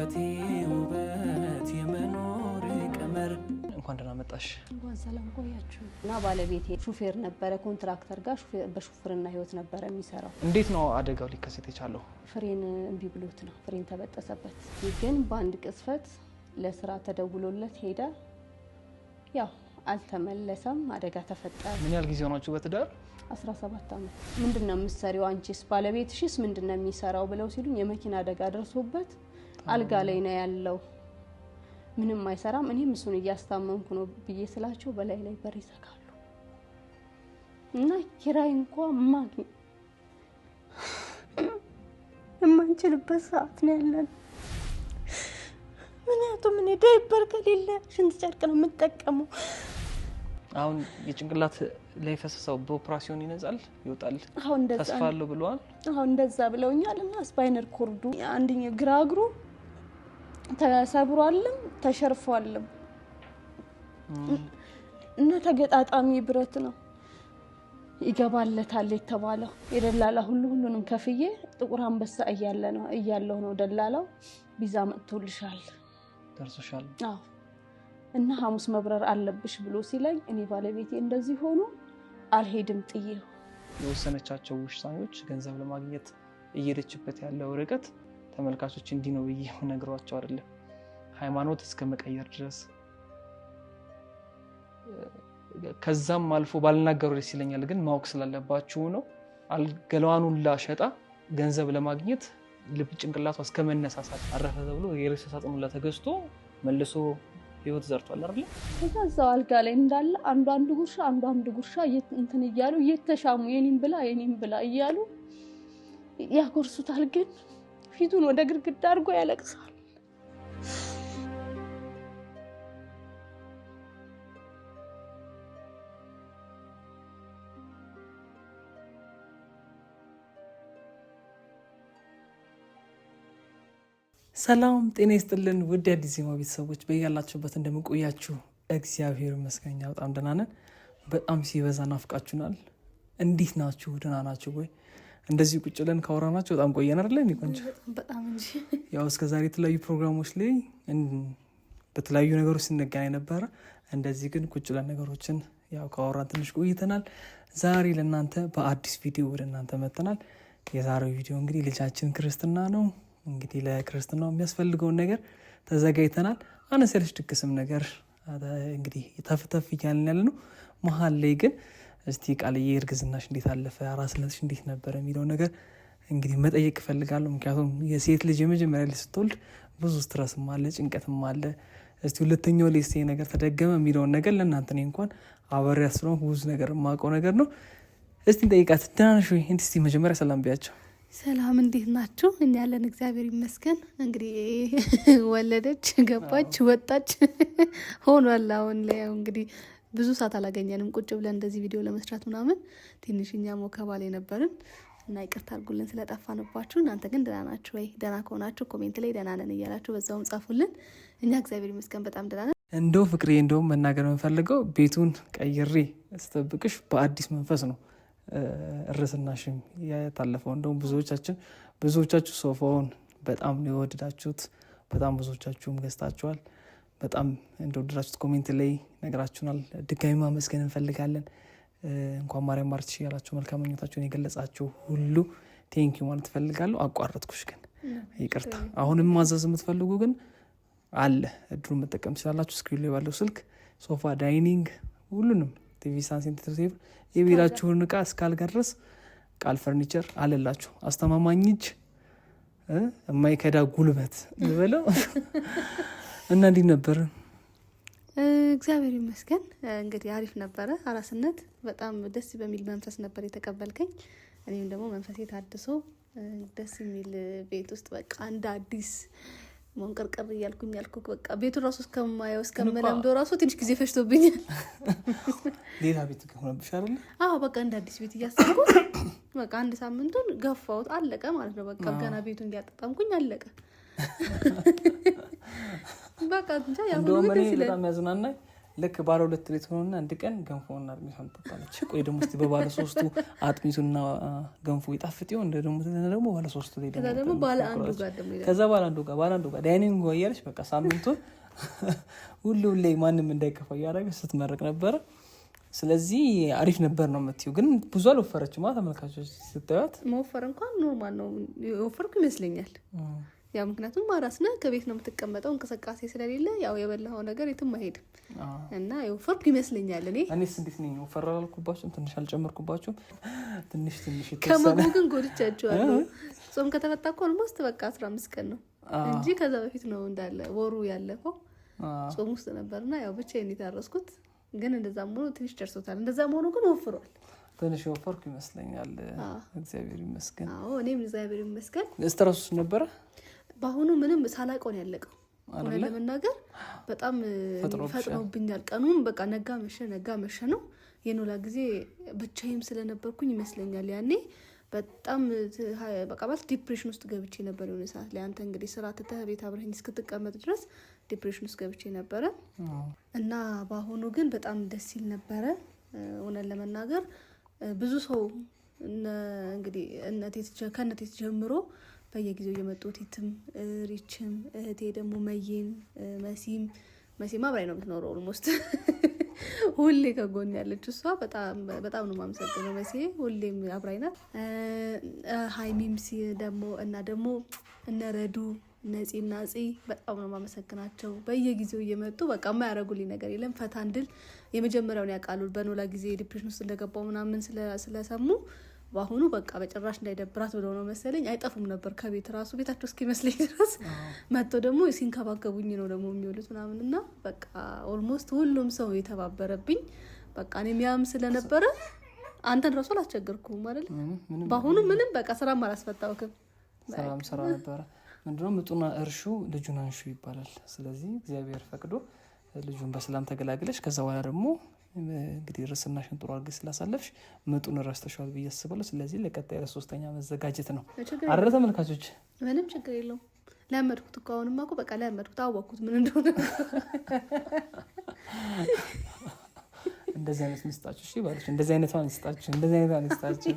የህይወቴ ውበት የመኖር ቀመር። እንኳን ደህና መጣሽ። እንኳን ሰላም ቆያችሁ። እና ባለቤቴ ሹፌር ነበረ፣ ኮንትራክተር ጋር በሹፍርና ህይወት ነበረ የሚሰራው። እንዴት ነው አደጋው ሊከሰት የቻለው? ፍሬን እምቢ ብሎት ነው፣ ፍሬን ተበጠሰበት። ግን በአንድ ቅስፈት ለስራ ተደውሎለት ሄደ። ያው አልተመለሰም፣ አደጋ ተፈጠረ። ምን ያህል ጊዜ ሆናችሁ በትዳር? 17 ዓመት። ምንድን ነው የምትሰሪው አንቺስ? ባለቤትሽስ ምንድን ነው የሚሰራው ብለው ሲሉኝ የመኪና አደጋ ደርሶበት አልጋ ላይ ነው ያለው፣ ምንም አይሰራም፣ እኔም እሱን እያስታመምኩ ነው ብዬ ስላቸው በላይ ላይ በር ይዘጋሉ እና ኪራይ እንኳ ማግኘት የማንችልበት ሰዓት ነው ያለን። ምክንያቱም እኔ ዳይፐር ከሌለ ሽንት ጨርቅ ነው የምጠቀመው። አሁን የጭንቅላት ላይ ፈሰሰው በኦፕራሲዮን ይነጻል ይወጣል ተስፋ አለው ብለዋል። አሁን እንደዛ ብለውኛል። እና ስፓይነር ኮርዱ አንድኛ ግራ እግሩ ተሰብሯልም ተሸርፏልም እና ተገጣጣሚ ብረት ነው ይገባለታል የተባለው የደላላ ሁሉ ሁሉንም ከፍዬ ጥቁር አንበሳ እያለ ነው እያለው ነው ደላላው ቢዛ መጥቶልሻል ደርሶሻል እና ሐሙስ መብረር አለብሽ ብሎ ሲለኝ እኔ ባለቤቴ እንደዚህ ሆኖ አልሄድም ጥዬ የወሰነቻቸው ውሳኔዎች ገንዘብ ለማግኘት እየሄደችበት ያለው ርቀት ተመልካቾች እንዲህ ነው ብዬ ነግሯቸው አይደለም። ሃይማኖት እስከ መቀየር ድረስ ከዛም አልፎ ባልናገሩ ደስ ይለኛል፣ ግን ማወቅ ስላለባችሁ ነው። አልገለዋኑን ላሸጣ ገንዘብ ለማግኘት ልብ ጭንቅላቷ እስከ መነሳሳት አረፈ ተብሎ የሬሳ ሳጥኑ ተገዝቶ መልሶ ህይወት ዘርቷል አይደለ? ከዛ እዛው አልጋ ላይ እንዳለ አንዱ አንድ ጉርሻ አንዱ አንድ ጉርሻ እንትን እያሉ እየተሻሙ የኔም ብላ የኔም ብላ እያሉ ያጎርሱታል ግን ፊቱን ወደ ግድግዳ አድርጎ ያለቅሳል። ሰላም ጤና ይስጥልን ውድ አዲስ ዜማ ቤተሰቦች በያላችሁበት እንደምቆያችሁ እግዚአብሔር ይመስገን በጣም ደህና ነን። በጣም ሲበዛ ናፍቃችሁናል። እንዴት ናችሁ? ደህና ናችሁ ወይ? እንደዚህ ቁጭ ብለን ካወራናቸው በጣም ቆየን አይደለ? ቆንጆ ያው እስከ የተለያዩ ፕሮግራሞች ላይ በተለያዩ ነገሮች ስንገናኝ ነበረ። እንደዚህ ግን ቁጭ ብለን ነገሮችን ያው ካወራን ትንሽ ቆይተናል። ዛሬ ለእናንተ በአዲስ ቪዲዮ ወደ እናንተ መጥተናል። የዛሬው ቪዲዮ እንግዲህ ልጃችን ክርስትና ነው። እንግዲህ ለክርስትናው የሚያስፈልገውን ነገር ተዘጋጅተናል። አነስ ያለች ድግስም ነገር እንግዲህ ተፍተፍ እያልን ያለ ነው። መሀል ላይ ግን እስቲ ቃልዬ እርግዝናሽ እንዴት አለፈ፣ አራስነትሽ እንዴት ነበረ የሚለው ነገር እንግዲህ መጠየቅ እፈልጋለሁ። ምክንያቱም የሴት ልጅ የመጀመሪያ ልጅ ስትወልድ ብዙ ስትረስም አለ፣ ጭንቀትም አለ። እስቲ ሁለተኛው ላይ ሴ ነገር ተደገመ የሚለውን ነገር ለእናንተ እኔ እንኳን አበሬያት ስለሆንኩ ብዙ ነገር የማውቀው ነገር ነው። እስቲ እንጠይቃት። ደህና ነሽ ወይ? እንዲህ እስቲ መጀመሪያ ሰላም ቢያቸው ሰላም እንዴት ናችሁ? እኛ ያለን እግዚአብሔር ይመስገን። እንግዲህ ወለደች፣ ገባች፣ ወጣች ሆኗል። አሁን ላይ እንግዲህ ብዙ ሰዓት አላገኘንም ቁጭ ብለን እንደዚህ ቪዲዮ ለመስራት ምናምን። ትንሽ እኛ ሞከባል የነበርን እና ይቅርታ አድርጉልን ስለጠፋንባችሁ። እናንተ ግን ደህና ናችሁ ወይ? ደህና ከሆናችሁ ኮሜንት ላይ ደህና ነን እያላችሁ በዛውም ጻፉልን። እኛ እግዚአብሔር ይመስገን በጣም ደህና ነን። እንደው ፍቅሬ እንደውም መናገር የምፈልገው ቤቱን ቀይሬ ስጠብቅሽ በአዲስ መንፈስ ነው እርስናሽም ያታለፈው እንደውም ብዙዎቻችን ብዙዎቻችሁ ሶፋውን በጣም ነው የወደዳችሁት። በጣም ብዙዎቻችሁም ገዝታችኋል። በጣም እንደወደዳችሁት ኮሜንት ላይ ነገራችሁናል። ድጋሚ ማመስገን እንፈልጋለን። እንኳን ማርያም ማርች ያላችሁ መልካም ምኞታችሁን የገለጻችሁ ሁሉ ቴንኪ ማለት እፈልጋለሁ። አቋረጥኩሽ ግን ይቅርታ። አሁንም ማዘዝ የምትፈልጉ ግን አለ እድሩን መጠቀም ትችላላችሁ። ስክሪን ላይ ባለው ስልክ ሶፋ፣ ዳይኒንግ፣ ሁሉንም ቲቪ ሳን ሴንትር የቤላችሁን እቃ እስካልጋ ድረስ ቃል ፈርኒቸር አለላችሁ። አስተማማኝ እጅ፣ የማይከዳ ጉልበት ልበለው እና እንዲህ ነበር። እግዚአብሔር ይመስገን እንግዲህ አሪፍ ነበረ። አራስነት በጣም ደስ በሚል መንፈስ ነበር የተቀበልከኝ። እኔም ደግሞ መንፈሴ ታድሶ ደስ የሚል ቤት ውስጥ በቃ እንደ አዲስ ሞንቀርቀር እያልኩኝ ያልኩ በቃ ቤቱን ራሱ እስከማየው እስከምለምደው ራሱ ትንሽ ጊዜ ፈጅቶብኛል። ሌላ ቤት አዎ በቃ እንደ አዲስ ቤት እያሰብኩ በቃ አንድ ሳምንቱን ገፋሁት፣ አለቀ ማለት ነው። በቃ ገና ቤቱን እያጠጣምኩኝ አለቀ። በቃ ብቻ በጣም ያዝናና። ልክ ባለ ሁለት ሬት ሆኖና አንድ ቀን ገንፎ እና አጥሚቷን ጠጣለች። ቆይ ደግሞ እስኪ በባለ ሶስቱ አጥሚቱና ገንፎ ይጣፍጥ ይሆን ደግሞ ባለ ሶስቱ ላይ ደግሞ ባለ አንዱ ከዛ ባለ አንዱ ጋር ባለ አንዱ ጋር ዳይኒንግ እያለች በቃ ሳምንቱን ሁሉ ላይ ማንም እንዳይከፋ እያደረገ ስትመረቅ ነበረ። ስለዚህ አሪፍ ነበር ነው የምትይው። ግን ብዙ አልወፈረችም። ተመልካቾች ስታዩት መወፈር እንኳን ኖርማል ነው። የወፈርኩ ይመስለኛል ያው ምክንያቱም አራስና ከቤት ነው የምትቀመጠው፣ እንቅስቃሴ ስለሌለ ያው የበላኸው ነገር የትም አይሄድም እና ያው ፍርድ ይመስለኛል። እኔ እኔስ እንዴት ነኝ? ወፈር አላልኩባችሁም፣ ትንሽ አልጨመርኩባችሁም። ትንሽ ትንሽ ከምግቡ ግን ጎድቻችኋለሁ። ጾም ከተፈታ እኮ ኦልሞስት በቃ አስራ አምስት ቀን ነው እንጂ ከዛ በፊት ነው እንዳለ ወሩ ያለፈው ጾም ውስጥ ነበርና ያው ብቻዬን የታረስኩት። ግን እንደዛም ሆኖ ትንሽ ደርሶታል። እንደዛም ሆኖ ግን ወፍሯል። ትንሽ ወፈርኩ ይመስለኛል። እግዚአብሔር ይመስገን። እኔም እግዚአብሔር ይመስገን። ስትረሱስ ነበረ በአሁኑ ምንም ሳላውቀው ነው ያለቀው። ሆነ ለመናገር በጣም ፈጥኖብኛል። ቀኑም በቃ ነጋ መሸ ነጋ መሸ ነው የኖላ ጊዜ ብቻዬም ስለነበርኩኝ ይመስለኛል ያኔ በጣም በቃ ማለት ዲፕሬሽን ውስጥ ገብቼ ነበር የሆነ ሰዓት ላይ። አንተ እንግዲህ ስራ ትተህ ቤት አብረኝ እስክትቀመጥ ድረስ ዲፕሬሽን ውስጥ ገብቼ ነበረ እና በአሁኑ ግን በጣም ደስ ይል ነበረ። እውነት ለመናገር ብዙ ሰው እንግዲህ ከእነቴት ጀምሮ በየጊዜው እየመጡ ቲትም ሪችም እህቴ ደግሞ መዬን መሲም መሲም ብራይ ነው የምትኖረው ኦልሞስት ሁሌ ከጎን ያለች እሷ በጣም ነው የማመሰግነው። መሲ ሁሌም አብራይ ናት። ሀይሚም ሲ ደግሞ እና ደግሞ እነረዱ ነፂ ፂ በጣም ነው የማመሰግናቸው። በየጊዜው እየመጡ በቃ የማያደርጉልኝ ነገር የለም። ፈታ እንድል የመጀመሪያውን ያውቃሉ። በኖላ ጊዜ ዲፕሬሽን ውስጥ እንደገባው ምናምን ስለሰሙ በአሁኑ በቃ በጭራሽ እንዳይደብራት ብለው ነው መሰለኝ አይጠፉም ነበር ከቤት ራሱ ቤታቸው እስኪመስለኝ ድረስ መጥቶ ደግሞ ሲንከባከቡኝ ነው ደግሞ የሚውሉት ምናምን እና በቃ ኦልሞስት ሁሉም ሰው የተባበረብኝ በቃ እኔም ያም ስለነበረ አንተን ራሱ አላስቸገርኩም አይደል? በአሁኑ ምንም በቃ ስራም አላስፈታውክም። ሰላም ስራ ነበረ። ምንድነው ምጡና እርሹ ልጁን አንሹ ይባላል። ስለዚህ እግዚአብሔር ፈቅዶ ልጁን በሰላም ተገላግለች ከዛ በኋላ ደግሞ እንግዲህ ርስና ጥሩ አድርገሽ ስላሳለፍሽ ምጡን ረስተሸዋል ብዬ አስባለሁ። ስለዚህ ለቀጣይ ለሶስተኛ መዘጋጀት ነው አረ ተመልካቾች፣ ምንም ችግር የለው። ለመድኩት እኮ አሁንማ እኮ በቃ ለመድኩት፣ አወቅኩት ምን እንደሆነ። እንደዚህ አይነት ምስጣችሁ እሺ ባለች፣ እንደዚህ አይነት ሚስጣችሁ፣ እንደዚህ አይነት ሚስጣችሁ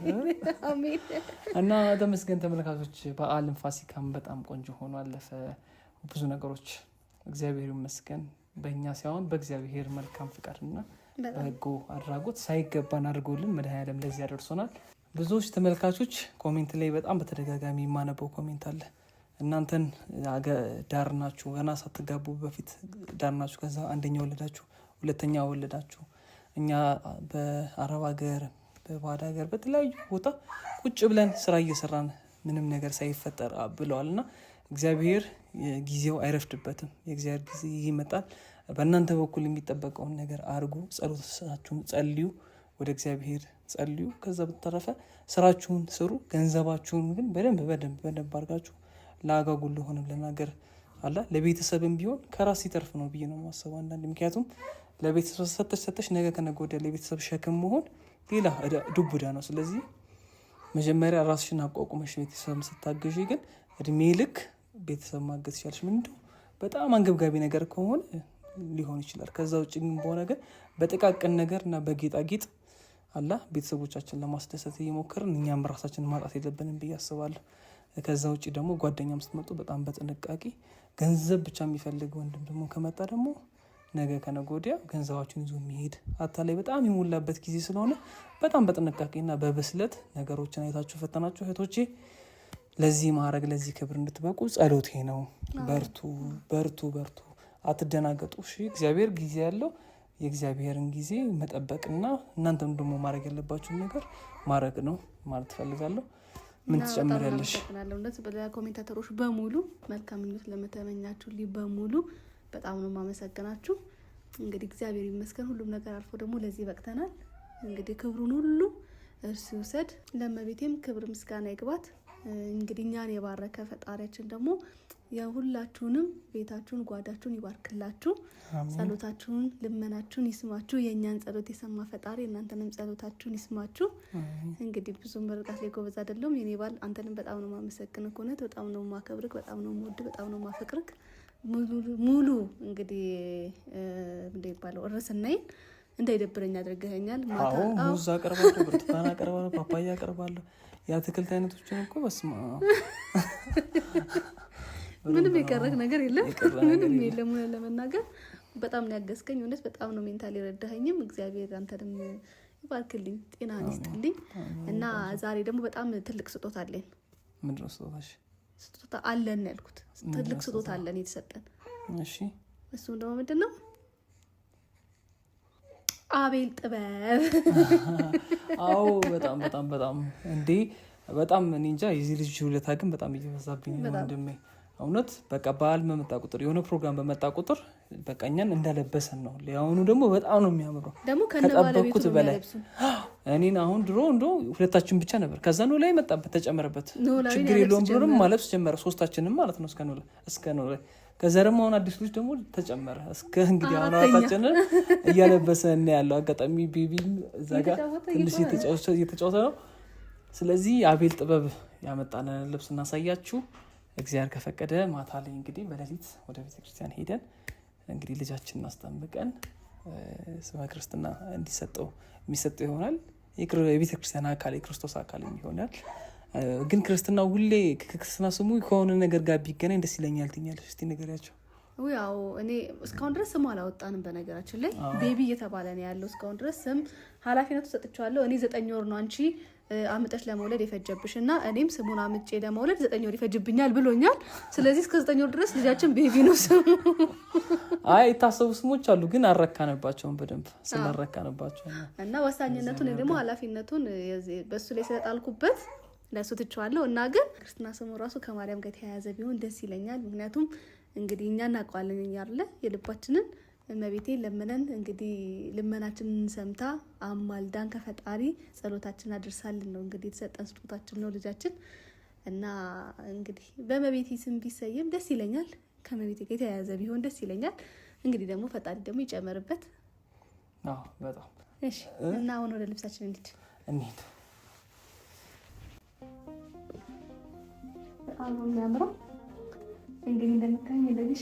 እና ተመስገን ተመልካቾች። በዓልን ፋሲካም በጣም ቆንጆ ሆኖ አለፈ። ብዙ ነገሮች እግዚአብሔር ይመስገን፣ በእኛ ሳይሆን በእግዚአብሔር መልካም ፍቃድና በጎ አድራጎት ሳይገባን አድርጎልን መድኃኔዓለም እንደዚህ ያደርሶናል። ብዙዎች ተመልካቾች ኮሜንት ላይ በጣም በተደጋጋሚ የማነበው ኮሜንት አለ። እናንተን ዳር ናችሁ፣ ገና ሳትጋቡ በፊት ዳር ናችሁ፣ ከዛ አንደኛ ወለዳችሁ፣ ሁለተኛ ወለዳችሁ። እኛ በአረብ ሀገር፣ በባዕድ ሀገር፣ በተለያዩ ቦታ ቁጭ ብለን ስራ እየሰራን ምንም ነገር ሳይፈጠር ብለዋል እና እግዚአብሔር ጊዜው አይረፍድበትም። የእግዚአብሔር ጊዜ ይመጣል። በእናንተ በኩል የሚጠበቀውን ነገር አድርጉ። ጸሎታችሁን ጸልዩ፣ ወደ እግዚአብሔር ጸልዩ። ከዛ በተረፈ ስራችሁን ስሩ። ገንዘባችሁን ግን በደንብ በደንብ በደንብ አድርጋችሁ ለአጋጉል ለሆነም ለናገር አላ ለቤተሰብም ቢሆን ከራስ ይተርፍ ነው ብዬ ነው የማስበው። አንዳንድ ምክንያቱም ለቤተሰብ ሰተሽ ሰተሽ ነገ ከነገ ወዲያ ለቤተሰብ ሸክም መሆን ሌላ ዱብ እዳ ነው። ስለዚህ መጀመሪያ ራስሽን አቋቁመሽ ቤተሰብ ስታገዥ ግን እድሜ ልክ ቤተሰብ ማገዝ ይቻልሽ። ምንድ በጣም አንገብጋቢ ነገር ከሆነ ሊሆን ይችላል። ከዛ ውጭ ግን በሆነ ግን በጥቃቅን ነገር እና በጌጣጌጥ አላ ቤተሰቦቻችን ለማስደሰት እየሞከርን እኛም ራሳችን ማጣት የለብንም ብዬ አስባለሁ። ከዛ ውጭ ደግሞ ጓደኛም ስትመጡ በጣም በጥንቃቄ ገንዘብ ብቻ የሚፈልግ ወንድም ደግሞ ከመጣ ደግሞ ነገ ከነገ ወዲያ ገንዘባችን ይዞ የሚሄድ ላይ በጣም የሞላበት ጊዜ ስለሆነ በጣም በጥንቃቄና በብስለት ነገሮችን አይታችሁ ፈተናችሁ እህቶቼ ለዚህ ማዕረግ ለዚህ ክብር እንድትበቁ ጸሎቴ ነው። በርቱ በርቱ በርቱ። አትደናገጡ። እሺ እግዚአብሔር ጊዜ ያለው የእግዚአብሔርን ጊዜ መጠበቅና እናንተም ደግሞ ማድረግ ያለባችሁን ነገር ማድረግ ነው ማለት ትፈልጋለሁ። ምን ትጨምሪያለሽ? ኮሜንታተሮች በሙሉ መልካም ምኞት በሙሉ በጣም ነው የማመሰግናችሁ። እንግዲህ እግዚአብሔር ይመስገን ሁሉም ነገር አልፎ ደግሞ ለዚህ በቅተናል። እንግዲህ ክብሩን ሁሉ እርሱ ይውሰድ። ለመቤቴም ክብር ምስጋና ይግባት። እንግዲህ እኛን የባረከ ፈጣሪያችን ደግሞ የሁላችሁንም ቤታችሁን ጓዳችሁን ይባርክላችሁ። ጸሎታችሁን ልመናችሁን ይስማችሁ። የእኛን ጸሎት የሰማ ፈጣሪ እናንተንም ጸሎታችሁን ይስማችሁ። እንግዲህ ብዙ መርቃት ላይ ጎበዝ አይደለሁም። የኔ ባል አንተንም በጣም ነው ማመሰግንህ። እውነት በጣም ነው ማከብርክ፣ በጣም ነው ወድ በጣም ነው ማፈቅርክ። ሙሉ እንግዲህ እንደሚባለው ይባለው እርስናይን እንዳይደብረኝ አድርገኛል። ሙዝ አቀርባለሁ፣ ብርቱካን አቀርባለሁ፣ ፓፓያ አቀርባለሁ። የአትክልት አይነቶችን እኮ በስማ ምንም የቀረህ ነገር የለም፣ ምንም የለም። ሆነ ለመናገር በጣም ነው ያገዝከኝ። እውነት በጣም ነው ሜንታል የረዳኸኝም። እግዚአብሔር አንተንም ይባርክልኝ፣ ጤና ይስጥልኝ። እና ዛሬ ደግሞ በጣም ትልቅ ስጦታ አለን። ምንድን ነው ስጦታሽ? ስጦታ አለን ያልኩት ትልቅ ስጦታ አለን የተሰጠን። እሺ እሱም ደግሞ ምንድን ነው? አቤል ጥበብ። አዎ በጣም በጣም በጣም እንዴ፣ በጣም እኔ እንጃ። የዚህ ልጅ ሁለታ ግን በጣም እየበዛብኝ ወንድሜ እውነት በቃ በዓል በመጣ ቁጥር የሆነ ፕሮግራም በመጣ ቁጥር በቃ እኛን እንዳለበሰን ነው። ሊያሆኑ ደግሞ በጣም ነው የሚያምረው ከጠበቅኩት በላይ እኔን አሁን ድሮ እንዶ ሁለታችን ብቻ ነበር። ከዛ ኖ ላይ መጣበት ተጨመረበት፣ ችግር የለውም ብሎንም ደግሞ ማለብስ ጀመረ። ሶስታችንም ማለት ነው እስከ ኖ ላይ። ከዛ ደግሞ አሁን አዲስ ልጅ ደግሞ ተጨመረ። እስከ እንግዲህ አሁን እያለበሰ እና ያለው አጋጣሚ ቤቢ እዛ ጋ ትንሽ እየተጫወተ ነው። ስለዚህ አቤል ጥበብ ያመጣነ ልብስ እናሳያችሁ። እግዚአብሔር ከፈቀደ ማታ ላይ እንግዲህ በሌሊት ወደ ቤተክርስቲያን ሄደን እንግዲህ ልጃችንን አስጠምቀን ስመ ክርስትና እንዲሰጠው የሚሰጠው ይሆናል። የቤተ ክርስቲያን አካል የክርስቶስ አካል ይሆናል። ግን ክርስትና ሁሌ ክርስትና ስሙ ከሆነ ነገር ጋር ቢገናኝ ደስ ይለኛል ትኛለች። እስኪ ንገሪያቸው። ያው እኔ እስካሁን ድረስ ስም አላወጣንም። በነገራችን ላይ ቤቢ እየተባለ ነው ያለው። እስካሁን ድረስ ስም ኃላፊነቱ ሰጥቼዋለሁ። እኔ ዘጠኝ ወር ነው አንቺ አምጠሽ ለመውለድ የፈጀብሽ እና እኔም ስሙን አምጬ ለመውለድ ዘጠኝ ወር ይፈጅብኛል ብሎኛል። ስለዚህ እስከ ዘጠኝ ወር ድረስ ልጃችን ቤቢ ነው ስሙ። አይ የታሰቡ ስሞች አሉ፣ ግን አልረካንባቸውም በደንብ ስላልረካንባቸው እና ወሳኝነቱን ደግሞ ኃላፊነቱን በሱ ላይ ስለጣልኩበት ለሱ ትችዋለሁ እና ግን ክርስትና ስሙ ራሱ ከማርያም ጋር የተያያዘ ቢሆን ደስ ይለኛል። ምክንያቱም እንግዲህ እኛ እናውቀዋለን እኛ አለ የልባችንን እመቤቴ ለምነን እንግዲህ ልመናችንን ሰምታ አማልዳን ከፈጣሪ ጸሎታችን አድርሳልን ነው እንግዲህ የተሰጠን ስጦታችን ነው ልጃችን እና እንግዲህ በእመቤቴ ስም ቢሰየም ደስ ይለኛል። ከእመቤቴ ጋር የተያያዘ ቢሆን ደስ ይለኛል። እንግዲህ ደግሞ ፈጣሪ ደግሞ ይጨመርበት። በጣም እና አሁን ወደ ልብሳችን እንሂድ እንሂድ። በጣም ነው የሚያምረው። እንግዲህ እንደምታኝ እንደዚህ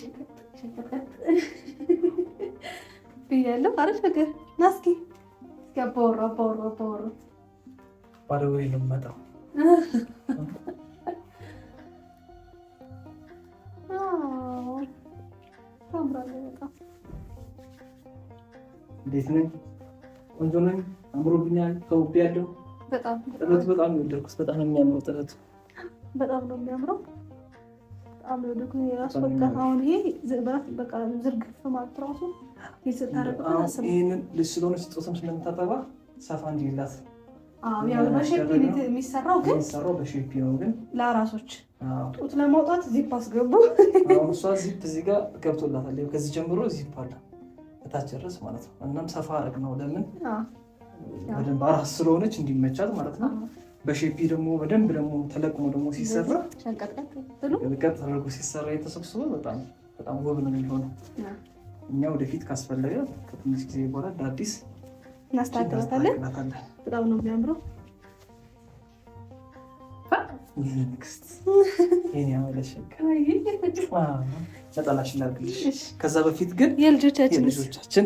ሸቀጥ ብያለሁ። አሪፍ ነገር ና እስኪ እስኪ አባወራ አባወራ አባወራ ባለወሬ ነው የምመጣው። እንዴት ነኝ? ቆንጆ ነኝ። አምሮብኛል። ተውቤያለሁ። በጣም ጥለቱ በጣም ነው የወደድኩት። በጣም ነው የሚያምረው ጥለቱ። በጣም ነው የሚያምረው። በጣም የወደድኩት። እራሱ በቃ አሁን ይሄ በቃ ዝርግፍ ማለት ራሱ። ይህንን ልጅ ስለሆነ ስጦትም ስለምታጠባ ሰፋ እንዲላት የሚሰራው ግን በሼፒ ነው። ግን ለአራሶች ጡት ለማውጣት ዚፕ አስገቡ። እሷ ዚፕ እዚህ ጋር ገብቶላታል። ከዚህ ጀምሮ ዚፕ አለ እታች ድረስ ማለት ነው። እናም ሰፋ አረግ ነው። ለምን በደንብ አራስ ስለሆነች እንዲመቻት ማለት ነው። በሼፒ ደግሞ በደንብ ደግሞ ተለቅሞ ደግሞ ሲሰራ ቀጥ ተደርጎ ሲሰራ የተሰብስበ በጣም ውብ ነው የሚሆነው። እኛ ወደፊት ካስፈለገ ከትንሽ ጊዜ በኋላ እንደ አዲስ እናስተካክላታለን። በጣም ነው የሚያምረው። ነጠላሽ ላድርግልሽ። ከዛ በፊት ግን የልጆቻችን ልጆቻችን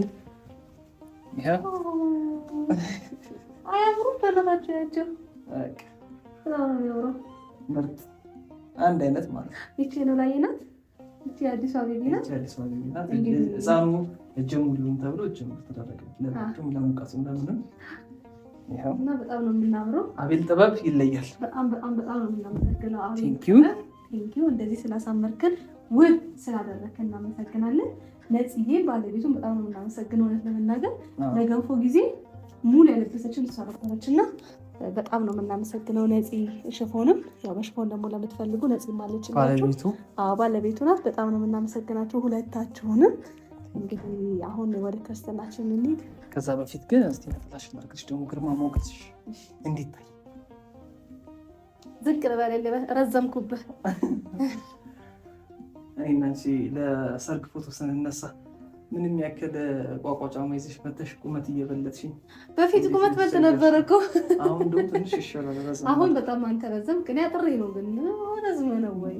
ምርጥ አንድ አይነት ማለት ነው። ነው ላይ ናት አዲሷ ቤቢ ናት። ህፃኑ እጀ ሙሉውን ተብሎ እጀ ሙሉ ተደረገ። ለቤቱም ለሙቀቱ ለምንም እና በጣም ነው የምናምረው። አቤል ጥበብ ይለያል። በጣም በጣም በጣም ነው የምናመሰግነው አቤል፣ እንደዚህ ስላሳመርከን ውብ ስላደረከን እናመሰግናለን። ነጽዬ ባለቤቱን በጣም ነው የምናመሰግነው። እውነት ለመናገር ለገንፎ ጊዜ ሙሉ ያለበሰችን ተሰረቆረች እና በጣም ነው የምናመሰግነው ነፂ ሽፎንም ያው በሽፎን ደግሞ ለምትፈልጉ ነፂ ማለች ባለቤቱ ናት። በጣም ነው የምናመሰግናቸው ሁለታችሁንም። እንግዲህ አሁን ወደ ክርስትናችን እንሂድ። ከዛ በፊት ግን እስኪ ነጠላሽ ማርገች ደግሞ ግርማ ሞገስሽ ታይ? ዝቅ በሌለ ረዘምኩብህ። እኔና ለሰርግ ፎቶ ስንነሳ ምንም ያክል ቋቋጫማ ይዘሽ መተሽ ቁመት እየበለጥሽኝ። በፊት ቁመት በልጥ ነበረ እኮ አሁን ትንሽ ይሻላል። አሁን በጣም አንተ ረዘም ግን ያጥሬ ነው ግን ረዝመ ነው ወይ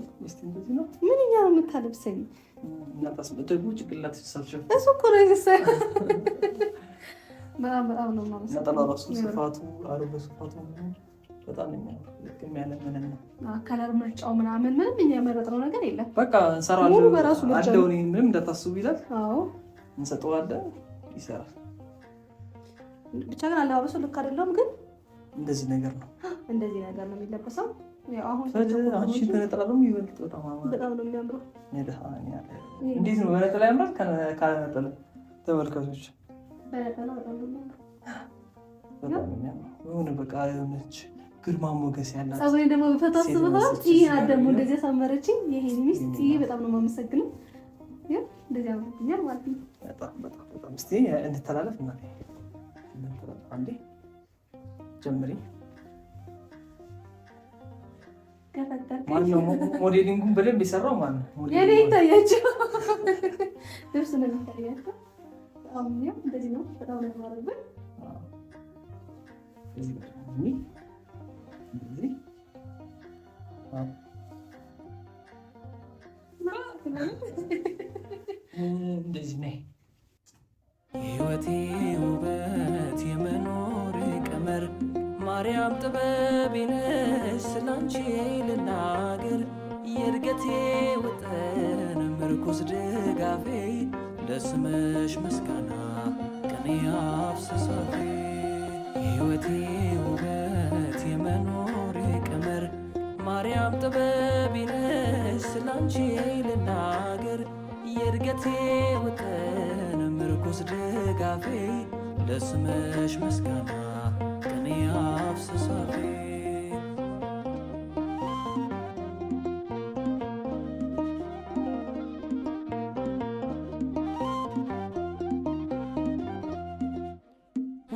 ምን ነው የምታለብሰኝ? ደግሞ ጭቅላት ሳልሸፍ እሱ እኮ ነው የሰ በጣም በጣም ነው ነጠላ ራሱ ስፋቱ አሉ በስፋቱ ከለር ምርጫው ምናምን ምንም እኛ የመረጥነው ነገር የለም። በቃ እንሰራለን በራሱ ምንም እንደታስቡ ይላል። አዎ እንሰጠዋለን፣ ይሰራል። ብቻ ግን አለባበሱ ልክ አይደለም። ግን እንደዚህ ነገር ነው እንደዚህ ነገር ነው የሚለበሰው። ተመልካቾች ሆነ በቃ የሆነች ግርማ ሞገስ ያላት ፀጉሬን ደግሞ ብፈታ ስብሀት ይህ ደግሞ እንደዚህ ያሳመረችኝ ይሄ ሚስት ይህ በጣም ነው የማመሰግነው። እንደዚህ አምሮብኛል ማለት ነው። በጣም በጣም እንተላለፍ እና አንዴ ጀምሪ። ሞዴሊንጉን በደንብ የሰራው? ማነው ይታያቸው ልብስ ነው። በጣም እንደዚህ ነይ የህይወቴ ውበት የመኖር ቀመር ማርያም ጥበቤ ስላንቺ ልናገር የእድገቴ ውጥን ምርኩስ ድጋፌ ለስምሽ ምስጋና ቀኔ አፍስሳቴ የህይወቴ ውበት የመኖር ቀመር ማርያም ጥበቤ ስላንቺ ልናገር የእድገቴ ውጥን ትኩስ ድጋፌ ለስምሽ ምስጋና ቀኔ አፍስሳፌ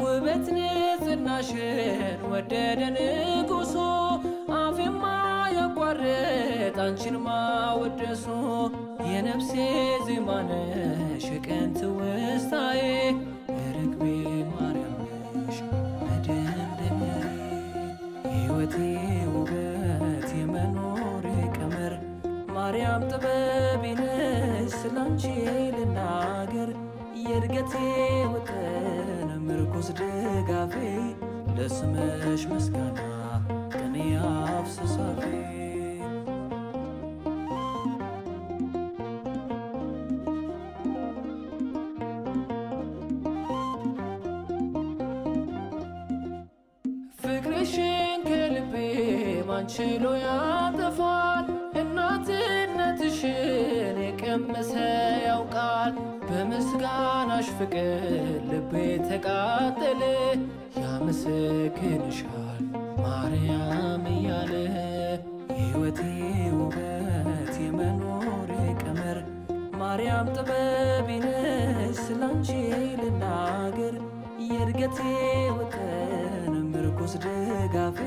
ውበት ንጽሕናሽን ወደደ ንጉሡ አፌማ ያቋርጥ አንቺን ማወደሱ የነፍሴ ዜማ የቀን ትውስታዬ የርግቤ ማርያም ነሽ መደምደሚያዬ የሕይወቴ ውበት የመኖሬ ቀመር ማርያም ጥበብ ነሽ ስላንቺ ልናገር የእድገቴ ወጠን ምርኩዝ ድጋፌ ለስምሽ ምስጋና አፍስሳፌ ልቤ ተቃጠለ ያመሰግንሻል ማርያም እያለ የሕይወቴ ውበት የመኖር ቀመር ማርያም ጥበብ ነሽ ስላንቺ ልናገር የእድገቴ ወጠን ምርኩስ ድጋፌ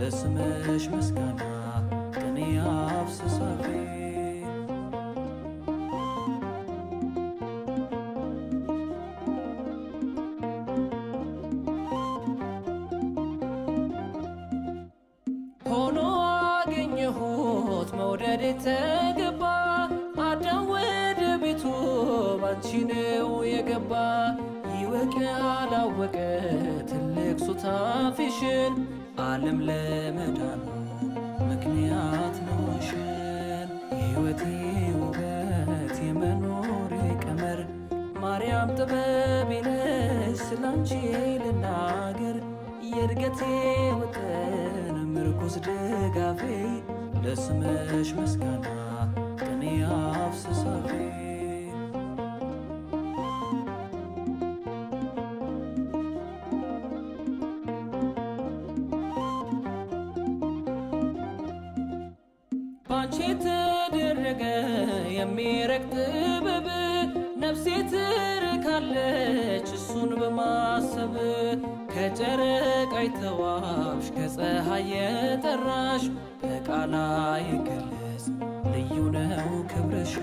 ደስመሽ ምስጋና ቅኔ አፍስሳፌ መውደድ የተገባ አዳም ወደ ቤቱ ባንቺ ነው የገባ። ይወቀ አላወቀ ትልቅ ሱታፊሽን ዓለም ለመዳኑ ምክንያት ነሽን። የሕይወቴ ውበት የመኖሬ ቀመር ማርያም ጥበብ ነሽ ስላንቺ ልናገር የእድገቴ ወጠን ምርኩስ ድጋፌ ለስምሽ ምስጋና ቅኔ አፍስሳለሁ ባንቺ የተደረገ የሚረግ ጥበብ ነፍሴ ትርካለች እሱን በማሰብ ከጨረቃ የተዋብሽ ከፀሐይ የጠራሽ ላይ ገለጽ ልዩ ነው ክብርሽ